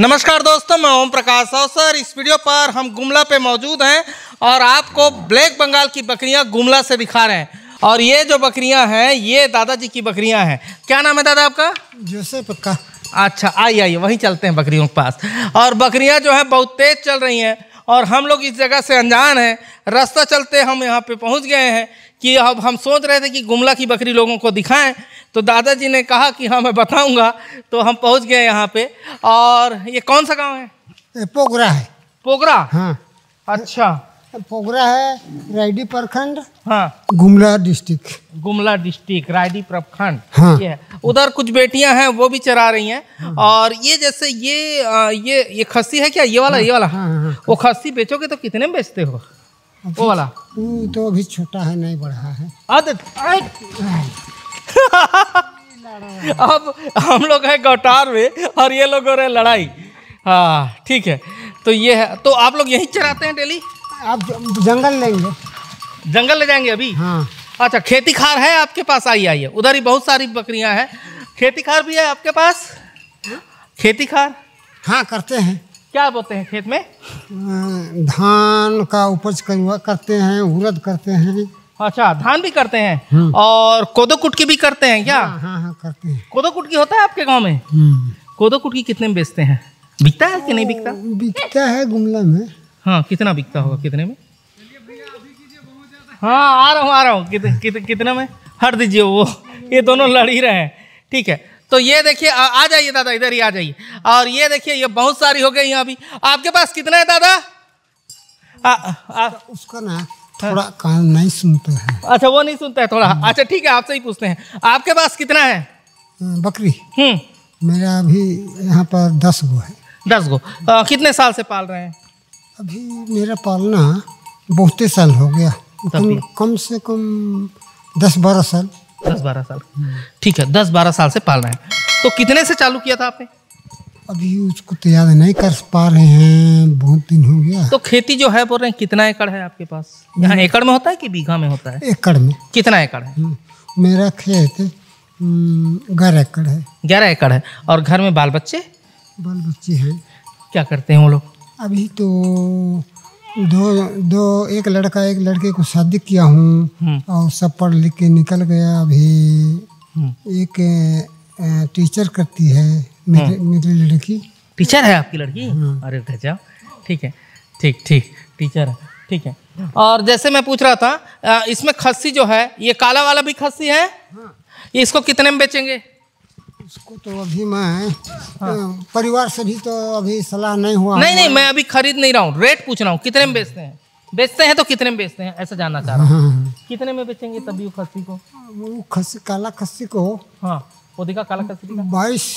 नमस्कार दोस्तों मैं ओम प्रकाश अवसर इस वीडियो पर हम गुमला पे मौजूद हैं और आपको ब्लैक बंगाल की बकरियां गुमला से दिखा रहे हैं और ये जो बकरियां हैं ये दादाजी की बकरियां हैं क्या नाम है दादा आपका जैसे पक्का अच्छा आइए आइए वहीं चलते हैं बकरियों के पास और बकरियां जो है बहुत तेज चल रही हैं और हम लोग इस जगह से अनजान हैं रास्ता चलते हम यहाँ पे पहुँच गए हैं कि अब हम सोच रहे थे कि गुमला की बकरी लोगों को दिखाएं तो दादाजी ने कहा कि हाँ मैं बताऊँगा तो हम पहुँच गए यहाँ पे और ये कौन सा गाँव है पोगरा है पोगरा हाँ अच्छा पोगरा है रेडी प्रखंड हाँ गुमला डिस्ट्रिक्ट गुमला डिस्ट्रिक्ट रायडी प्रखंड हाँ। उधर कुछ बेटियां हैं वो भी चरा रही हैं हाँ। और ये जैसे ये आ, ये ये खस्सी है क्या ये वाला हाँ, ये वाला हाँ, हाँ, हाँ। वो खस्सी बेचोगे तो कितने में बेचते हो वो वाला तो अभी छोटा है नहीं बढ़ा है अब हम लोग है गौटार में और ये लोग हो रहे लड़ाई हाँ ठीक है तो ये है तो आप लोग यही चराते हैं डेली आप जंगल लेंगे जंगल ले जाएंगे अभी हाँ अच्छा खेती खार है आपके पास आई आइए उधर ही बहुत सारी बकरियां हैं खेती खार भी है आपके पास खेती खार हाँ करते हैं क्या बोते हैं खेत में धान का उपज करते हैं उड़द करते हैं अच्छा धान भी करते हैं हम्म। और कोदो कुटकी भी करते हैं क्या हाँ हाँ, हाँ करते हैं कोदो कुटकी होता है आपके गांव में हम्म। कोदो कुटकी कितने में बेचते हैं बिकता है कि नहीं बिकता बिकता है गुमला में हाँ कितना बिकता होगा कितने में हाँ आ रहा हूँ आ रहा हूँ कित, कित, कितने में हट दीजिए वो ये दोनों लड़ ही रहे हैं ठीक है तो ये देखिए आ जाइए दादा इधर ही आ जाइए और ये देखिए ये बहुत सारी हो गई अभी आपके पास कितना है दादा आ, आ, उसका ना हाँ। थोड़ा कान नहीं सुनते हैं अच्छा वो नहीं सुनता है थोड़ा हाँ। अच्छा ठीक है आपसे ही पूछते हैं आपके पास कितना है हाँ, बकरी हम्म मेरा अभी यहाँ पर दस गो है दस गो आ, कितने साल से पाल रहे हैं अभी मेरा पालना बहुत साल हो गया कम, कम से कम दस बारह साल दस बारह साल ठीक है दस बारह साल से पाल रहे हैं तो कितने से चालू किया था आपने अभी उसको तैयार तो नहीं कर पा रहे हैं बहुत दिन हो गया तो खेती जो है बोल रहे हैं कितना एकड़ है आपके पास यहाँ हम्म। एकड़ में होता है कि बीघा में होता है एकड़ में कितना एकड़ है हम्म। मेरा खेत हम्म, ग्यारह एकड़ है ग्यारह एकड़ है और घर में बाल बच्चे बाल बच्चे हैं क्या करते हैं वो लोग अभी तो दो दो एक लड़का एक लड़के को शादी किया हूँ हम्म। और सब पढ़ लिख के निकल गया अभी हम्म। एक टीचर करती है हम्म। मेरी लड़की टीचर है आपकी लड़की हाँ। अरे गजब ठीक है ठीक ठीक टीचर है ठीक है और जैसे मैं पूछ रहा था इसमें खस्सी जो है ये काला वाला भी खस्सी है हाँ। इसको कितने में बेचेंगे उसको तो अभी मैं हाँ। परिवार से भी तो अभी सलाह नहीं हुआ नहीं नहीं मैं अभी खरीद नहीं रहा हूँ रेट पूछ रहा हूँ कितने में बेचते हैं बेचते हैं तो कितने में बेचते हैं ऐसा जानना चाह रहा हूँ हाँ। कितने में बेचेंगे तभी वो खस्सी को वो खस्सी काला खस्सी को हाँ वो देखा काला खस्सी बाईस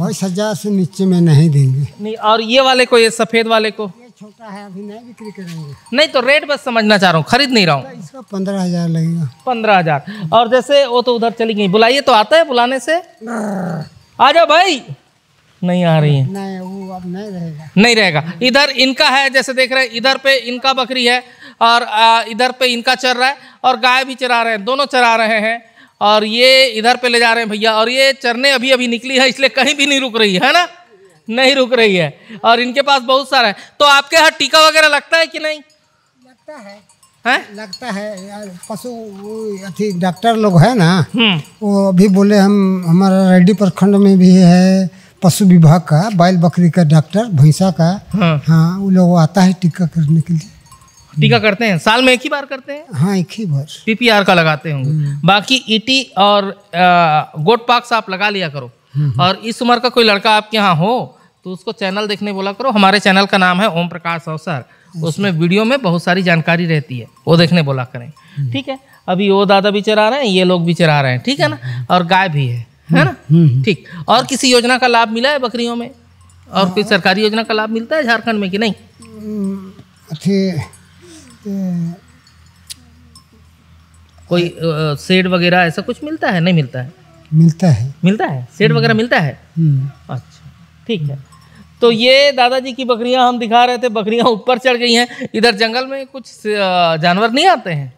बाईस हजार से नीचे में नहीं देंगे नहीं और ये वाले को ये सफेद वाले को छोटा है अभी नहीं बिक्री करेंगे नहीं तो रेट बस समझना चाह रहा हूँ खरीद नहीं रहा हूँ का पंद्रह हजार लगेगा पंद्रह हजार और जैसे वो तो उधर चली गई बुलाइए तो आता है बुलाने से आ जाओ भाई नहीं आ रही है नहीं वो अब नहीं रहेगा नहीं रहेगा इधर इनका है जैसे देख रहे हैं इधर पे इनका बकरी है और इधर पे इनका चर रहा है और गाय भी चरा रहे हैं दोनों चरा रहे हैं और ये इधर पे ले जा रहे हैं भैया और ये चरने अभी अभी निकली है इसलिए कहीं भी नहीं रुक रही है ना नहीं रुक रही है और इनके पास बहुत सारा है तो आपके यहाँ टीका वगैरह लगता है कि नहीं लगता है है? लगता है यार पशु अथी डॉक्टर लोग है ना हम्म। वो अभी बोले हम हमारा रेडी प्रखंड में भी है पशु विभाग का बैल बकरी का डॉक्टर भैंसा का हाँ, हाँ वो लोग आता है टीका करने के लिए टीका करते हैं साल में एक ही बार करते हैं हाँ एक ही बार पीपीआर का लगाते होंगे हम्म। बाकी ईटी और गोट पाक्स आप लगा लिया करो हम्म। और इस उम्र का कोई लड़का आपके यहाँ हो तो उसको चैनल देखने बोला करो हमारे चैनल का नाम है ओम प्रकाश अवसर उसमें वीडियो में बहुत सारी जानकारी रहती है वो देखने बोला करें ठीक है अभी वो दादा भी चरा रहे हैं ये लोग भी चरा रहे हैं ठीक है ना और गाय भी है है ना हम्म, हम्म, हम्म। ठीक और किसी योजना का लाभ मिला है बकरियों में और कोई हाँ। सरकारी योजना का लाभ मिलता है झारखंड में कि नहीं कोई सेड वगैरह ऐसा कुछ मिलता है नहीं मिलता है मिलता है मिलता है सेड वगैरह मिलता है अच्छा ठीक है तो ये दादाजी की बकरियां हम दिखा रहे थे बकरियां ऊपर चढ़ गई हैं इधर जंगल में कुछ जानवर नहीं आते हैं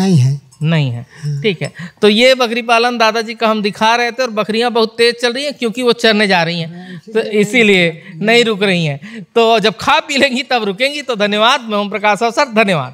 नहीं है नहीं है ठीक है तो ये बकरी पालन दादाजी का हम दिखा रहे थे और बकरियां बहुत तेज चल रही हैं क्योंकि वो चरने जा रही हैं तो इसीलिए नहीं रुक रही हैं तो जब खा पी लेंगी तब रुकेंगी तो धन्यवाद मैं ओम प्रकाश अवसर धन्यवाद